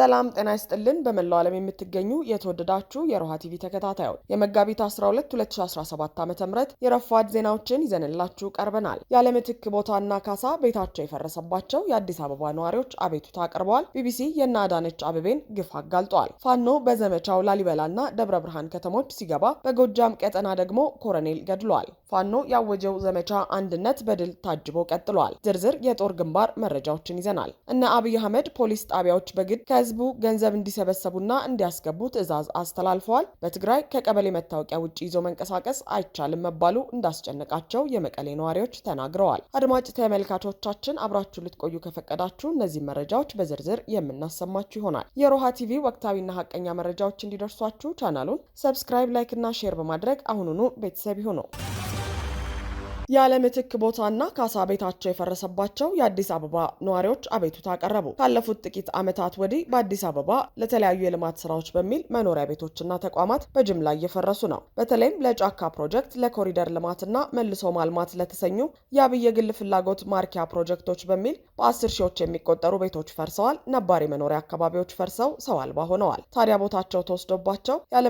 ሰላም ጤና ይስጥልን። በመላው ዓለም የምትገኙ የተወደዳችሁ የሮሃ ቲቪ ተከታታዮች የመጋቢት 12 2017 ዓ ም የረፋድ ዜናዎችን ይዘንላችሁ ቀርበናል። ያለምትክ ቦታና ካሳ ቤታቸው የፈረሰባቸው የአዲስ አበባ ነዋሪዎች አቤቱታ አቅርበዋል። ቢቢሲ የእነ አዳነች አበቤን ግፍ አጋልጧል። ፋኖ በዘመቻው ላሊበላና ደብረ ብርሃን ከተሞች ሲገባ፣ በጎጃም ቀጠና ደግሞ ኮረኔል ገድሏል። ፋኖ ያወጀው ዘመቻ አንድነት በድል ታጅቦ ቀጥሏል። ዝርዝር የጦር ግንባር መረጃዎችን ይዘናል። እነ አብይ አህመድ ፖሊስ ጣቢያዎች በግድ ከህዝብ ህዝቡ ገንዘብ እንዲሰበሰቡና እንዲያስገቡ ትዕዛዝ አስተላልፈዋል። በትግራይ ከቀበሌ መታወቂያ ውጭ ይዞ መንቀሳቀስ አይቻልም መባሉ እንዳስጨነቃቸው የመቀሌ ነዋሪዎች ተናግረዋል። አድማጭ ተመልካቾቻችን አብራችሁ ልትቆዩ ከፈቀዳችሁ እነዚህ መረጃዎች በዝርዝር የምናሰማችሁ ይሆናል። የሮሃ ቲቪ ወቅታዊና ሀቀኛ መረጃዎች እንዲደርሷችሁ ቻናሉን ሰብስክራይብ፣ ላይክ እና ሼር በማድረግ አሁኑኑ ቤተሰብ ይሁኑ። ያለ ምትክ ቦታና ካሳ ቤታቸው የፈረሰባቸው የአዲስ አበባ ነዋሪዎች አቤቱታ አቀረቡ። ካለፉት ጥቂት ዓመታት ወዲህ በአዲስ አበባ ለተለያዩ የልማት ስራዎች በሚል መኖሪያ ቤቶችና ተቋማት በጅምላ እየፈረሱ ነው። በተለይም ለጫካ ፕሮጀክት፣ ለኮሪደር ልማትና መልሶ ማልማት ለተሰኙ የአብይ የግል ፍላጎት ማርኪያ ፕሮጀክቶች በሚል በአስር ሺዎች የሚቆጠሩ ቤቶች ፈርሰዋል። ነባሪ መኖሪያ አካባቢዎች ፈርሰው ሰው አልባ ሆነዋል። ታዲያ ቦታቸው ተወስዶባቸው ያለ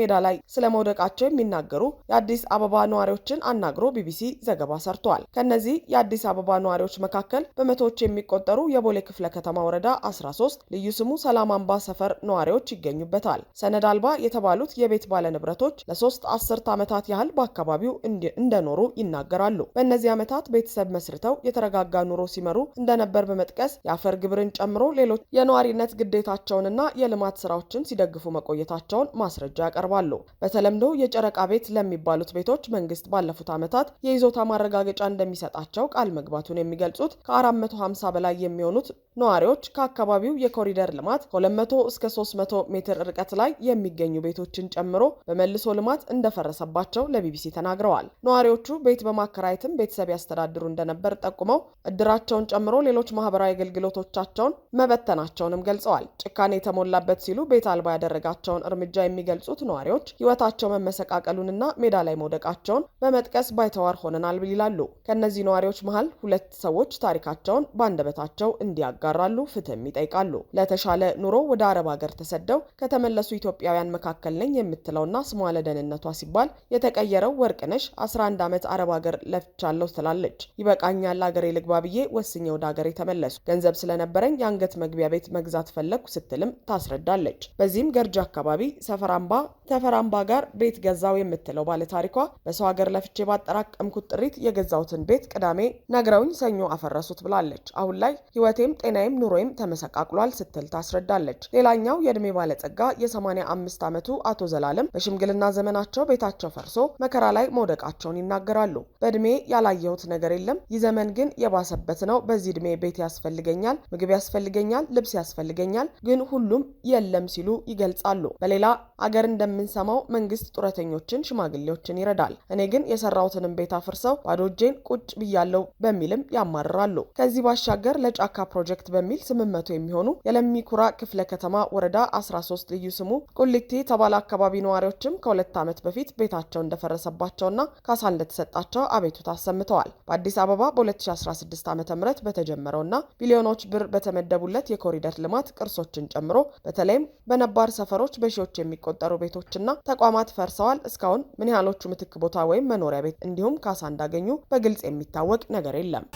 ሜዳ ላይ ስለ መውደቃቸው የሚናገሩ የአዲስ አበባ ነዋሪዎችን አናግሮ ቢቢሲ ዘገባ ሰርቷል። ከነዚህ የአዲስ አበባ ነዋሪዎች መካከል በመቶዎች የሚቆጠሩ የቦሌ ክፍለ ከተማ ወረዳ 13 ልዩ ስሙ ሰላም አምባ ሰፈር ነዋሪዎች ይገኙበታል። ሰነድ አልባ የተባሉት የቤት ባለንብረቶች ለሶስት አስርት ዓመታት ያህል በአካባቢው እንደኖሩ ይናገራሉ። በእነዚህ ዓመታት ቤተሰብ መስርተው የተረጋጋ ኑሮ ሲመሩ እንደነበር በመጥቀስ የአፈር ግብርን ጨምሮ ሌሎች የነዋሪነት ግዴታቸውንና የልማት ስራዎችን ሲደግፉ መቆየታቸውን ማስረጃ ያቀርባሉ። በተለምዶ የጨረቃ ቤት ለሚባሉት ቤቶች መንግስት ባለፉት ዓመታት የይዞ የይዞታ ማረጋገጫ እንደሚሰጣቸው ቃል መግባቱን የሚገልጹት ከ450 በላይ የሚሆኑት ነዋሪዎች ከአካባቢው የኮሪደር ልማት ከ200 እስከ 300 ሜትር ርቀት ላይ የሚገኙ ቤቶችን ጨምሮ በመልሶ ልማት እንደፈረሰባቸው ለቢቢሲ ተናግረዋል። ነዋሪዎቹ ቤት በማከራየትም ቤተሰብ ያስተዳድሩ እንደነበር ጠቁመው እድራቸውን ጨምሮ ሌሎች ማህበራዊ አገልግሎቶቻቸውን መበተናቸውንም ገልጸዋል። ጭካኔ የተሞላበት ሲሉ ቤት አልባ ያደረጋቸውን እርምጃ የሚገልጹት ነዋሪዎች ህይወታቸው መመሰቃቀሉንና ሜዳ ላይ መውደቃቸውን በመጥቀስ ባይተዋር ሆነናል ተገናኝተናል ይላሉ። ከእነዚህ ነዋሪዎች መሀል ሁለት ሰዎች ታሪካቸውን በአንደበታቸው እንዲያጋራሉ ፍትህም ይጠይቃሉ። ለተሻለ ኑሮ ወደ አረብ ሀገር ተሰደው ከተመለሱ ኢትዮጵያውያን መካከል ነኝ የምትለውና ስሟ ለደህንነቷ ሲባል የተቀየረው ወርቅነሽ 11 ዓመት አረብ ሀገር ለፍቻለሁ ትላለች። ይበቃኛል አገሬ ልግባ ብዬ ወስኜ ወደ ሀገሬ ተመለሱ። ገንዘብ ስለነበረኝ የአንገት መግቢያ ቤት መግዛት ፈለግኩ ስትልም ታስረዳለች። በዚህም ገርጂ አካባቢ ሰፈራምባ ተፈራምባ ጋር ቤት ገዛው የምትለው ባለታሪኳ በሰው ሀገር ለፍቼ ባጠራቀምኩት ባደረግኩት ጥሪት የገዛሁትን ቤት ቅዳሜ ነግረውኝ ሰኞ አፈረሱት ብላለች። አሁን ላይ ህይወቴም ጤናዬም ኑሮዬም ተመሰቃቅሏል ስትል ታስረዳለች። ሌላኛው የእድሜ ባለጸጋ የ አምስት ዓመቱ አቶ ዘላለም በሽምግልና ዘመናቸው ቤታቸው ፈርሶ መከራ ላይ መውደቃቸውን ይናገራሉ። በእድሜ ያላየሁት ነገር የለም። ይህ ዘመን ግን የባሰበት ነው። በዚህ እድሜ ቤት ያስፈልገኛል፣ ምግብ ያስፈልገኛል፣ ልብስ ያስፈልገኛል፣ ግን ሁሉም የለም ሲሉ ይገልጻሉ። በሌላ አገር እንደምንሰማው መንግስት ጡረተኞችን፣ ሽማግሌዎችን ይረዳል። እኔ ግን የሰራሁትንም ቤት አፍር አፍርሰው ባዶ እጄን ቁጭ ብያለው በሚልም ያማርራሉ። ከዚህ ባሻገር ለጫካ ፕሮጀክት በሚል ስምንት መቶ የሚሆኑ የለሚኩራ ክፍለ ከተማ ወረዳ 13 ልዩ ስሙ ቁሊቴ የተባለ አካባቢ ነዋሪዎችም ከሁለት ዓመት በፊት ቤታቸው እንደፈረሰባቸውና ካሳ እንደተሰጣቸው አቤቱታ አሰምተዋል። በአዲስ አበባ በ2016 ዓ ም በተጀመረውና ቢሊዮኖች ብር በተመደቡለት የኮሪደር ልማት ቅርሶችን ጨምሮ በተለይም በነባር ሰፈሮች በሺዎች የሚቆጠሩ ቤቶችና ተቋማት ፈርሰዋል። እስካሁን ምን ያህሎቹ ምትክ ቦታ ወይም መኖሪያ ቤት እንዲሁም ካሳ እንዳገኙ በግልጽ የሚታወቅ ነገር የለም።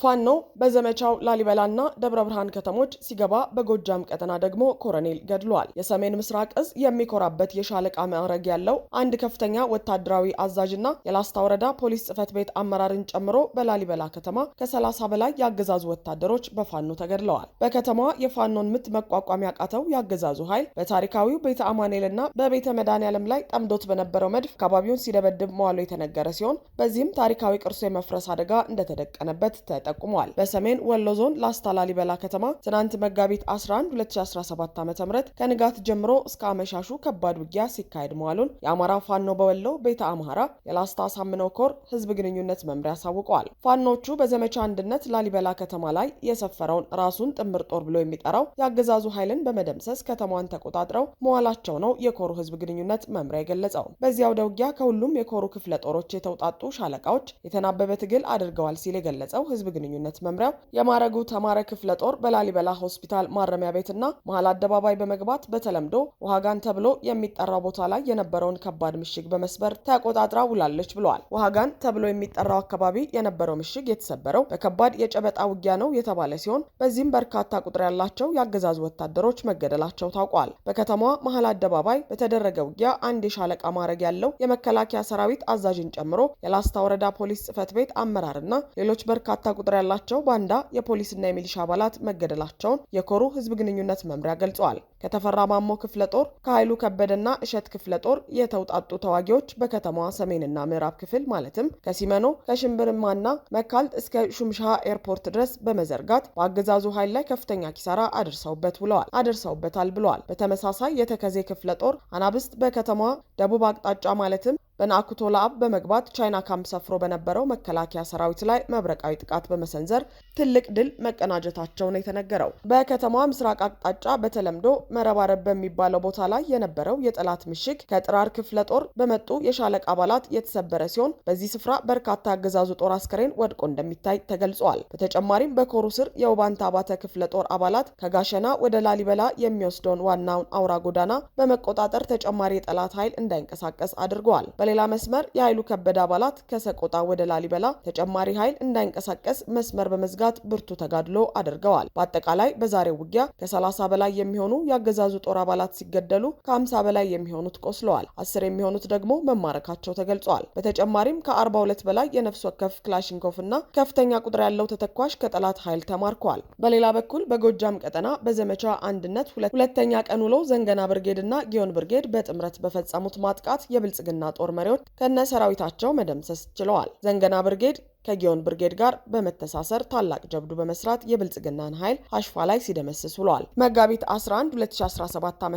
ፋኖ በዘመቻው ላሊበላና ደብረ ብርሃን ከተሞች ሲገባ በጎጃም ቀጠና ደግሞ ኮረኔል ገድሏል። የሰሜን ምስራቅ እዝ የሚኮራበት የሻለቃ ማዕረግ ያለው አንድ ከፍተኛ ወታደራዊ አዛዥና የላስታ ወረዳ ፖሊስ ጽህፈት ቤት አመራርን ጨምሮ በላሊበላ ከተማ ከ30 በላይ የአገዛዙ ወታደሮች በፋኖ ተገድለዋል። በከተማዋ የፋኖን ምት መቋቋም ያቃተው የአገዛዙ ኃይል በታሪካዊው ቤተ አማኑኤልና በቤተ መድኃኔዓለም ላይ ጠምዶት በነበረው መድፍ አካባቢውን ሲደበድብ መዋሉ የተነገረ ሲሆን በዚህም ታሪካዊ ቅርሶ የመፍረስ አደጋ እንደተደቀነበት ተ ተጠቁመዋል። በሰሜን ወሎ ዞን ላስታ ላሊበላ ከተማ ትናንት መጋቢት 11 2017 ዓ ም ከንጋት ጀምሮ እስከ አመሻሹ ከባድ ውጊያ ሲካሄድ መዋሉን የአማራ ፋኖ በወሎ ቤተ አምሃራ የላስታ ሳምነው ኮር ህዝብ ግንኙነት መምሪያ አሳውቀዋል። ፋኖቹ በዘመቻ አንድነት ላሊበላ ከተማ ላይ የሰፈረውን ራሱን ጥምር ጦር ብሎ የሚጠራው የአገዛዙ ኃይልን በመደምሰስ ከተማዋን ተቆጣጥረው መዋላቸው ነው የኮሩ ህዝብ ግንኙነት መምሪያ የገለጸው። በዚያው ደውጊያ ከሁሉም የኮሩ ክፍለ ጦሮች የተውጣጡ ሻለቃዎች የተናበበ ትግል አድርገዋል ሲል የገለጸው ህዝብ ግንኙነት መምሪያ የማረጉ ተማረ ክፍለ ጦር በላሊበላ ሆስፒታል ማረሚያ ቤትና መሀል አደባባይ በመግባት በተለምዶ ውሃጋን ተብሎ የሚጠራው ቦታ ላይ የነበረውን ከባድ ምሽግ በመስበር ተቆጣጥራ ውላለች ብለዋል። ውሃጋን ተብሎ የሚጠራው አካባቢ የነበረው ምሽግ የተሰበረው በከባድ የጨበጣ ውጊያ ነው የተባለ ሲሆን በዚህም በርካታ ቁጥር ያላቸው የአገዛዙ ወታደሮች መገደላቸው ታውቋል። በከተማዋ መሀል አደባባይ በተደረገ ውጊያ አንድ የሻለቃ ማዕረግ ያለው የመከላከያ ሰራዊት አዛዥን ጨምሮ የላስታ ወረዳ ፖሊስ ጽህፈት ቤት አመራርና ሌሎች በርካታ ቁጥር ያላቸው ባንዳ የፖሊስና የሚሊሻ አባላት መገደላቸውን የኮሩ ህዝብ ግንኙነት መምሪያ ገልጸዋል። ከተፈራ ማሞ ክፍለ ጦር ከኃይሉ ከበደና እሸት ክፍለ ጦር የተውጣጡ ተዋጊዎች በከተማዋ ሰሜንና ምዕራብ ክፍል ማለትም ከሲመኖ ከሽምብርማና መካልት እስከ ሹምሻ ኤርፖርት ድረስ በመዘርጋት በአገዛዙ ኃይል ላይ ከፍተኛ ኪሳራ አድርሰውበት ብለዋል አድርሰውበታል ብለዋል። በተመሳሳይ የተከዜ ክፍለ ጦር አናብስት በከተማዋ ደቡብ አቅጣጫ ማለትም በናኩቶ ለአብ በመግባት ቻይና ካምፕ ሰፍሮ በነበረው መከላከያ ሰራዊት ላይ መብረቃዊ ጥቃት በመሰንዘር ትልቅ ድል መቀናጀታቸው ነው የተነገረው። በከተማዋ ምስራቅ አቅጣጫ በተለምዶ መረባረብ በሚባለው ቦታ ላይ የነበረው የጠላት ምሽግ ከጥራር ክፍለ ጦር በመጡ የሻለቅ አባላት የተሰበረ ሲሆን በዚህ ስፍራ በርካታ አገዛዙ ጦር አስከሬን ወድቆ እንደሚታይ ተገልጿል። በተጨማሪም በኮሩ ስር የውባንታ አባተ ክፍለ ጦር አባላት ከጋሸና ወደ ላሊበላ የሚወስደውን ዋናውን አውራ ጎዳና በመቆጣጠር ተጨማሪ የጠላት ኃይል እንዳይንቀሳቀስ አድርገዋል። በሌላ መስመር የኃይሉ ከበደ አባላት ከሰቆጣ ወደ ላሊበላ ተጨማሪ ኃይል እንዳይንቀሳቀስ መስመር በመዝጋት ብርቱ ተጋድሎ አድርገዋል። በአጠቃላይ በዛሬው ውጊያ ከ30 በላይ የሚሆኑ የአገዛዙ ጦር አባላት ሲገደሉ ከ50 በላይ የሚሆኑት ቆስለዋል። አስር የሚሆኑት ደግሞ መማረካቸው ተገልጿል። በተጨማሪም ከ42 በላይ የነፍስ ወከፍ ክላሽንኮፍ እና ከፍተኛ ቁጥር ያለው ተተኳሽ ከጠላት ኃይል ተማርከዋል። በሌላ በኩል በጎጃም ቀጠና በዘመቻ አንድነት ሁለተኛ ቀን ውሎ ዘንገና ብርጌድ እና ጊዮን ብርጌድ በጥምረት በፈጸሙት ማጥቃት የብልጽግና ጦር መሪዎች ከነ ሰራዊታቸው መደምሰስ ችለዋል። ዘንገና ብርጌድ ከጊዮን ብርጌድ ጋር በመተሳሰር ታላቅ ጀብዱ በመስራት የብልጽግናን ኃይል አሽፋ ላይ ሲደመስስ ውሏል። መጋቢት 11 2017 ዓ ም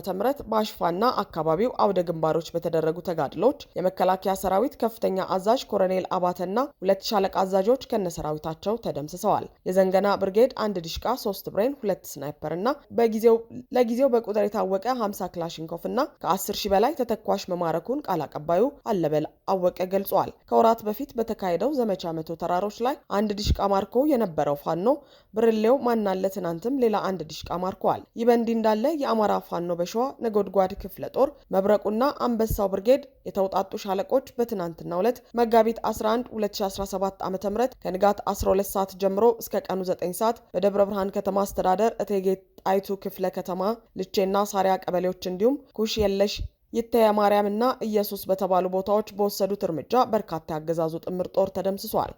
በአሽፋና አካባቢው አውደ ግንባሮች በተደረጉ ተጋድሎች የመከላከያ ሰራዊት ከፍተኛ አዛዥ ኮረኔል አባተና ሁለት ሻለቃ አዛዦች ከነሰራዊታቸው ተደምስሰዋል። የዘንገና ብርጌድ አንድ ድሽቃ፣ ሶስት ብሬን፣ ሁለት ስናይፐር እና ለጊዜው በቁጥር የታወቀ 50 ክላሽንኮፍ እና ከ10 ሺህ በላይ ተተኳሽ መማረኩን ቃል አቀባዩ አለበል አወቀ ገልጿል። ከወራት በፊት በተካሄደው ዘመቻ መቶ ተራሮች ላይ አንድ ድሽቃ ማርኮ የነበረው ፋኖ ብርሌው ማናለ ትናንትም ሌላ አንድ ድሽቃ ማርኮዋል። ይህ በእንዲህ እንዳለ የአማራ ፋኖ በሸዋ ነጎድጓድ ክፍለ ጦር መብረቁና አንበሳው ብርጌድ የተውጣጡ ሻለቆች በትናንትናው ዕለት መጋቢት 11 2017 ዓ ም ከንጋት 12 ሰዓት ጀምሮ እስከ ቀኑ 9 ሰዓት በደብረ ብርሃን ከተማ አስተዳደር እቴጌ ጣይቱ ክፍለ ከተማ ልቼና ሳሪያ ቀበሌዎች እንዲሁም ኩሽ የለሽ ይታየ ማርያምና ኢየሱስ በተባሉ ቦታዎች በወሰዱት እርምጃ በርካታ ያገዛዙ ጥምር ጦር ተደምስሷል።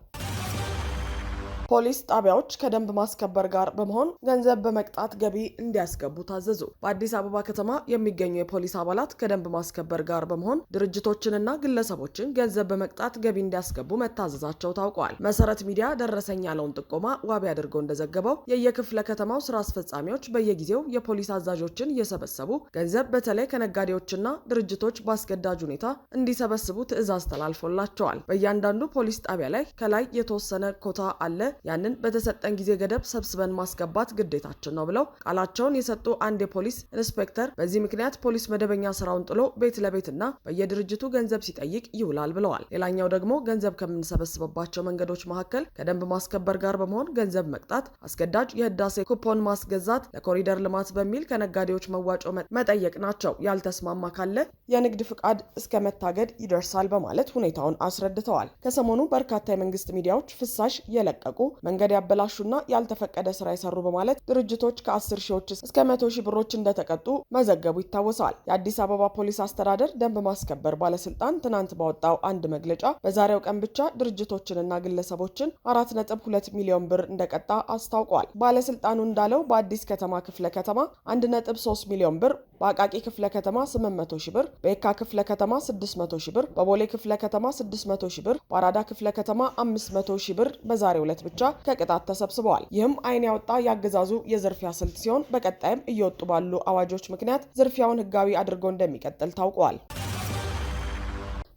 ፖሊስ ጣቢያዎች ከደንብ ማስከበር ጋር በመሆን ገንዘብ በመቅጣት ገቢ እንዲያስገቡ ታዘዙ። በአዲስ አበባ ከተማ የሚገኙ የፖሊስ አባላት ከደንብ ማስከበር ጋር በመሆን ድርጅቶችንና ግለሰቦችን ገንዘብ በመቅጣት ገቢ እንዲያስገቡ መታዘዛቸው ታውቋል። መሰረት ሚዲያ ደረሰኝ ያለውን ጥቆማ ዋቢ አድርጎ እንደዘገበው የየክፍለ ከተማው ስራ አስፈጻሚዎች በየጊዜው የፖሊስ አዛዦችን እየሰበሰቡ ገንዘብ በተለይ ከነጋዴዎችና ድርጅቶች በአስገዳጅ ሁኔታ እንዲሰበስቡ ትዕዛዝ ተላልፎላቸዋል። በእያንዳንዱ ፖሊስ ጣቢያ ላይ ከላይ የተወሰነ ኮታ አለ። ያንን በተሰጠን ጊዜ ገደብ ሰብስበን ማስገባት ግዴታችን ነው ብለው ቃላቸውን የሰጡ አንድ የፖሊስ ኢንስፔክተር በዚህ ምክንያት ፖሊስ መደበኛ ስራውን ጥሎ ቤት ለቤትና በየድርጅቱ ገንዘብ ሲጠይቅ ይውላል ብለዋል። ሌላኛው ደግሞ ገንዘብ ከምንሰበስብባቸው መንገዶች መካከል ከደንብ ማስከበር ጋር በመሆን ገንዘብ መቅጣት፣ አስገዳጅ የህዳሴ ኩፖን ማስገዛት፣ ለኮሪደር ልማት በሚል ከነጋዴዎች መዋጮ መጠየቅ ናቸው። ያልተስማማ ካለ የንግድ ፍቃድ እስከ መታገድ ይደርሳል በማለት ሁኔታውን አስረድተዋል። ከሰሞኑ በርካታ የመንግስት ሚዲያዎች ፍሳሽ የለቀቁ መንገድ ያበላሹና ያልተፈቀደ ስራ የሰሩ በማለት ድርጅቶች ከ10 ሺዎች እስከ 100 ሺ ብሮች እንደተቀጡ መዘገቡ ይታወሳል። የአዲስ አበባ ፖሊስ አስተዳደር ደንብ ማስከበር ባለስልጣን ትናንት ባወጣው አንድ መግለጫ በዛሬው ቀን ብቻ ድርጅቶችንና ግለሰቦችን 4.2 ሚሊዮን ብር እንደቀጣ አስታውቋል። ባለስልጣኑ እንዳለው በአዲስ ከተማ ክፍለ ከተማ 1.3 ሚሊዮን ብር፣ በአቃቂ ክፍለ ከተማ 800 ሺህ ብር፣ በየካ ክፍለ ከተማ 600 ሺህ ብር፣ በቦሌ ክፍለ ከተማ 600 ብር፣ በአራዳ ክፍለ ከተማ 500 ሺ ብር በዛሬው ዕለት ብቻ ከቅጣት ተሰብስበዋል። ይህም አይን ያወጣ ያገዛዙ የዝርፊያ ስልት ሲሆን በቀጣይም እየወጡ ባሉ አዋጆች ምክንያት ዝርፊያውን ህጋዊ አድርጎ እንደሚቀጥል ታውቋል።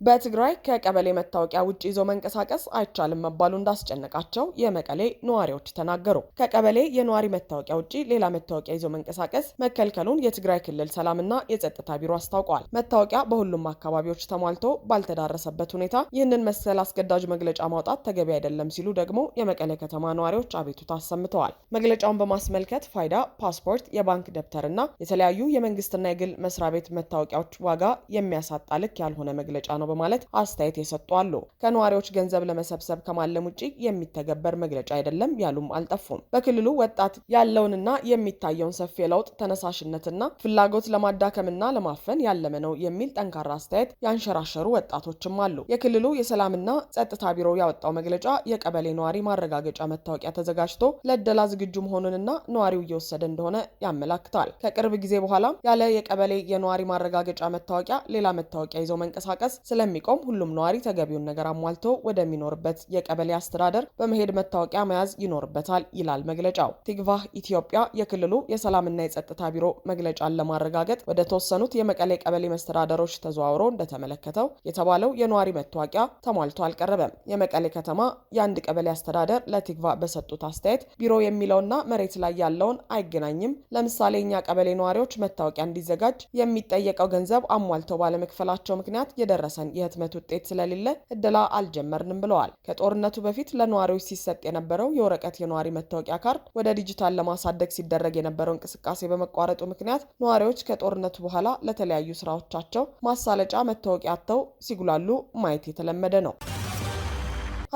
በትግራይ ከቀበሌ መታወቂያ ውጭ ይዞ መንቀሳቀስ አይቻልም መባሉ እንዳስጨነቃቸው የመቀሌ ነዋሪዎች ተናገሩ። ከቀበሌ የነዋሪ መታወቂያ ውጭ ሌላ መታወቂያ ይዞ መንቀሳቀስ መከልከሉን የትግራይ ክልል ሰላምና የጸጥታ ቢሮ አስታውቋል። መታወቂያ በሁሉም አካባቢዎች ተሟልቶ ባልተዳረሰበት ሁኔታ ይህንን መሰል አስገዳጅ መግለጫ ማውጣት ተገቢ አይደለም ሲሉ ደግሞ የመቀሌ ከተማ ነዋሪዎች አቤቱታ አሰምተዋል። መግለጫውን በማስመልከት ፋይዳ፣ ፓስፖርት፣ የባንክ ደብተር እና የተለያዩ የመንግስትና የግል መስሪያ ቤት መታወቂያዎች ዋጋ የሚያሳጣ ልክ ያልሆነ መግለጫ ነው በማለት አስተያየት የሰጡ አሉ። ከነዋሪዎች ገንዘብ ለመሰብሰብ ከማለም ውጭ የሚተገበር መግለጫ አይደለም ያሉም አልጠፉም። በክልሉ ወጣት ያለውንና የሚታየውን ሰፊ የለውጥ ተነሳሽነትና ፍላጎት ለማዳከምና ለማፈን ያለመ ነው የሚል ጠንካራ አስተያየት ያንሸራሸሩ ወጣቶችም አሉ። የክልሉ የሰላምና ጸጥታ ቢሮ ያወጣው መግለጫ የቀበሌ ነዋሪ ማረጋገጫ መታወቂያ ተዘጋጅቶ ለእደላ ዝግጁ መሆኑንና ነዋሪው እየወሰደ እንደሆነ ያመላክታል። ከቅርብ ጊዜ በኋላ ያለ የቀበሌ የነዋሪ ማረጋገጫ መታወቂያ ሌላ መታወቂያ ይዘው መንቀሳቀስ ስለ ስለሚቆም ሁሉም ነዋሪ ተገቢውን ነገር አሟልቶ ወደሚኖርበት የቀበሌ አስተዳደር በመሄድ መታወቂያ መያዝ ይኖርበታል ይላል መግለጫው። ቲግቫህ ኢትዮጵያ የክልሉ የሰላምና የጸጥታ ቢሮ መግለጫን ለማረጋገጥ ወደ ተወሰኑት የመቀሌ ቀበሌ መስተዳደሮች ተዘዋውሮ እንደተመለከተው የተባለው የነዋሪ መታወቂያ ተሟልቶ አልቀረበም። የመቀሌ ከተማ የአንድ ቀበሌ አስተዳደር ለቲግቫ በሰጡት አስተያየት ቢሮ የሚለውና መሬት ላይ ያለውን አይገናኝም። ለምሳሌ እኛ ቀበሌ ነዋሪዎች መታወቂያ እንዲዘጋጅ የሚጠየቀው ገንዘብ አሟልተው ባለመክፈላቸው ምክንያት የደረሰን የህትመት ውጤት ስለሌለ እደላ አልጀመርንም ብለዋል። ከጦርነቱ በፊት ለነዋሪዎች ሲሰጥ የነበረው የወረቀት የነዋሪ መታወቂያ ካርድ ወደ ዲጂታል ለማሳደግ ሲደረግ የነበረው እንቅስቃሴ በመቋረጡ ምክንያት ነዋሪዎች ከጦርነቱ በኋላ ለተለያዩ ስራዎቻቸው ማሳለጫ መታወቂያ አጥተው ሲጉላሉ ማየት የተለመደ ነው።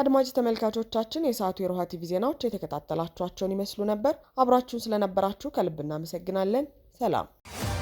አድማጭ ተመልካቾቻችን የሰዓቱ የሮሃ ቲቪ ዜናዎች የተከታተላችኋቸውን ይመስሉ ነበር። አብራችሁን ስለነበራችሁ ከልብ እናመሰግናለን። ሰላም